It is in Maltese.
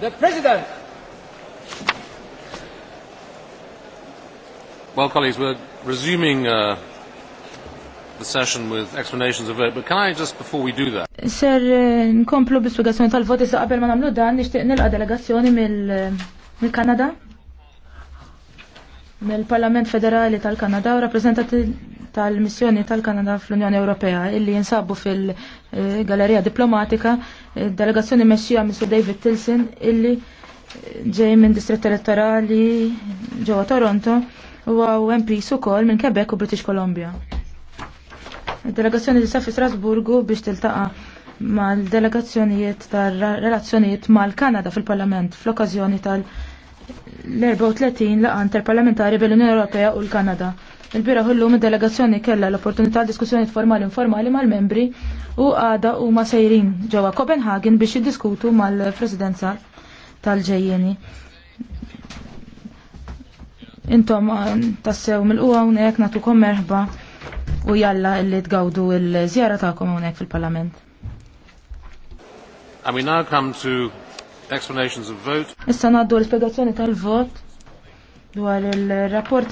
The President. Well, colleagues, we're resuming uh, the session with explanations of vote, but can I just, before we do that... Ser, eh, nkomplu bispiegazzjoni tal-voti sa' qabel ma namlu dan, nishtiq nilqa delegazzjoni eh, mill-Kanada, mill-Parlament Federali tal-Kanada u rappresentati tal-missjoni tal-Kanada fl-Unjoni Ewropea, illi jinsabu fil-Gallerija eh, Diplomatika delegazzjoni mexxija Mr. David Tilson illi ġej minn distrett elettorali ġewwa Toronto u għaw MP ukoll minn Quebec u British Columbia. Delegazzjoni tista' fi Strasburgu biex tiltaqa' mal-delegazzjonijiet tar-relazzjonijiet mal-Kanada fil-Parlament fl-okkażjoni tal-, -parlament, l-34 laqa interparlamentari bil-Unjoni Ewropea u l-Kanada. Il-bira ħullum id-delegazzjoni kella l-opportunità diskussjoni formali informali mal-membri u għada u ma sejrin ġewwa Copenhagen biex jiddiskutu mal-presidenza tal-ġejjeni. Intom eh, tassew mill-qwa hawnhekk natukom merħba u jalla illi tgawdu l-żjara tagħkom hawnhekk fil-Parlament. And we now come to explanations of vote. Issa naddu l-spiegazzjoni tal-vot dwar il-rapporti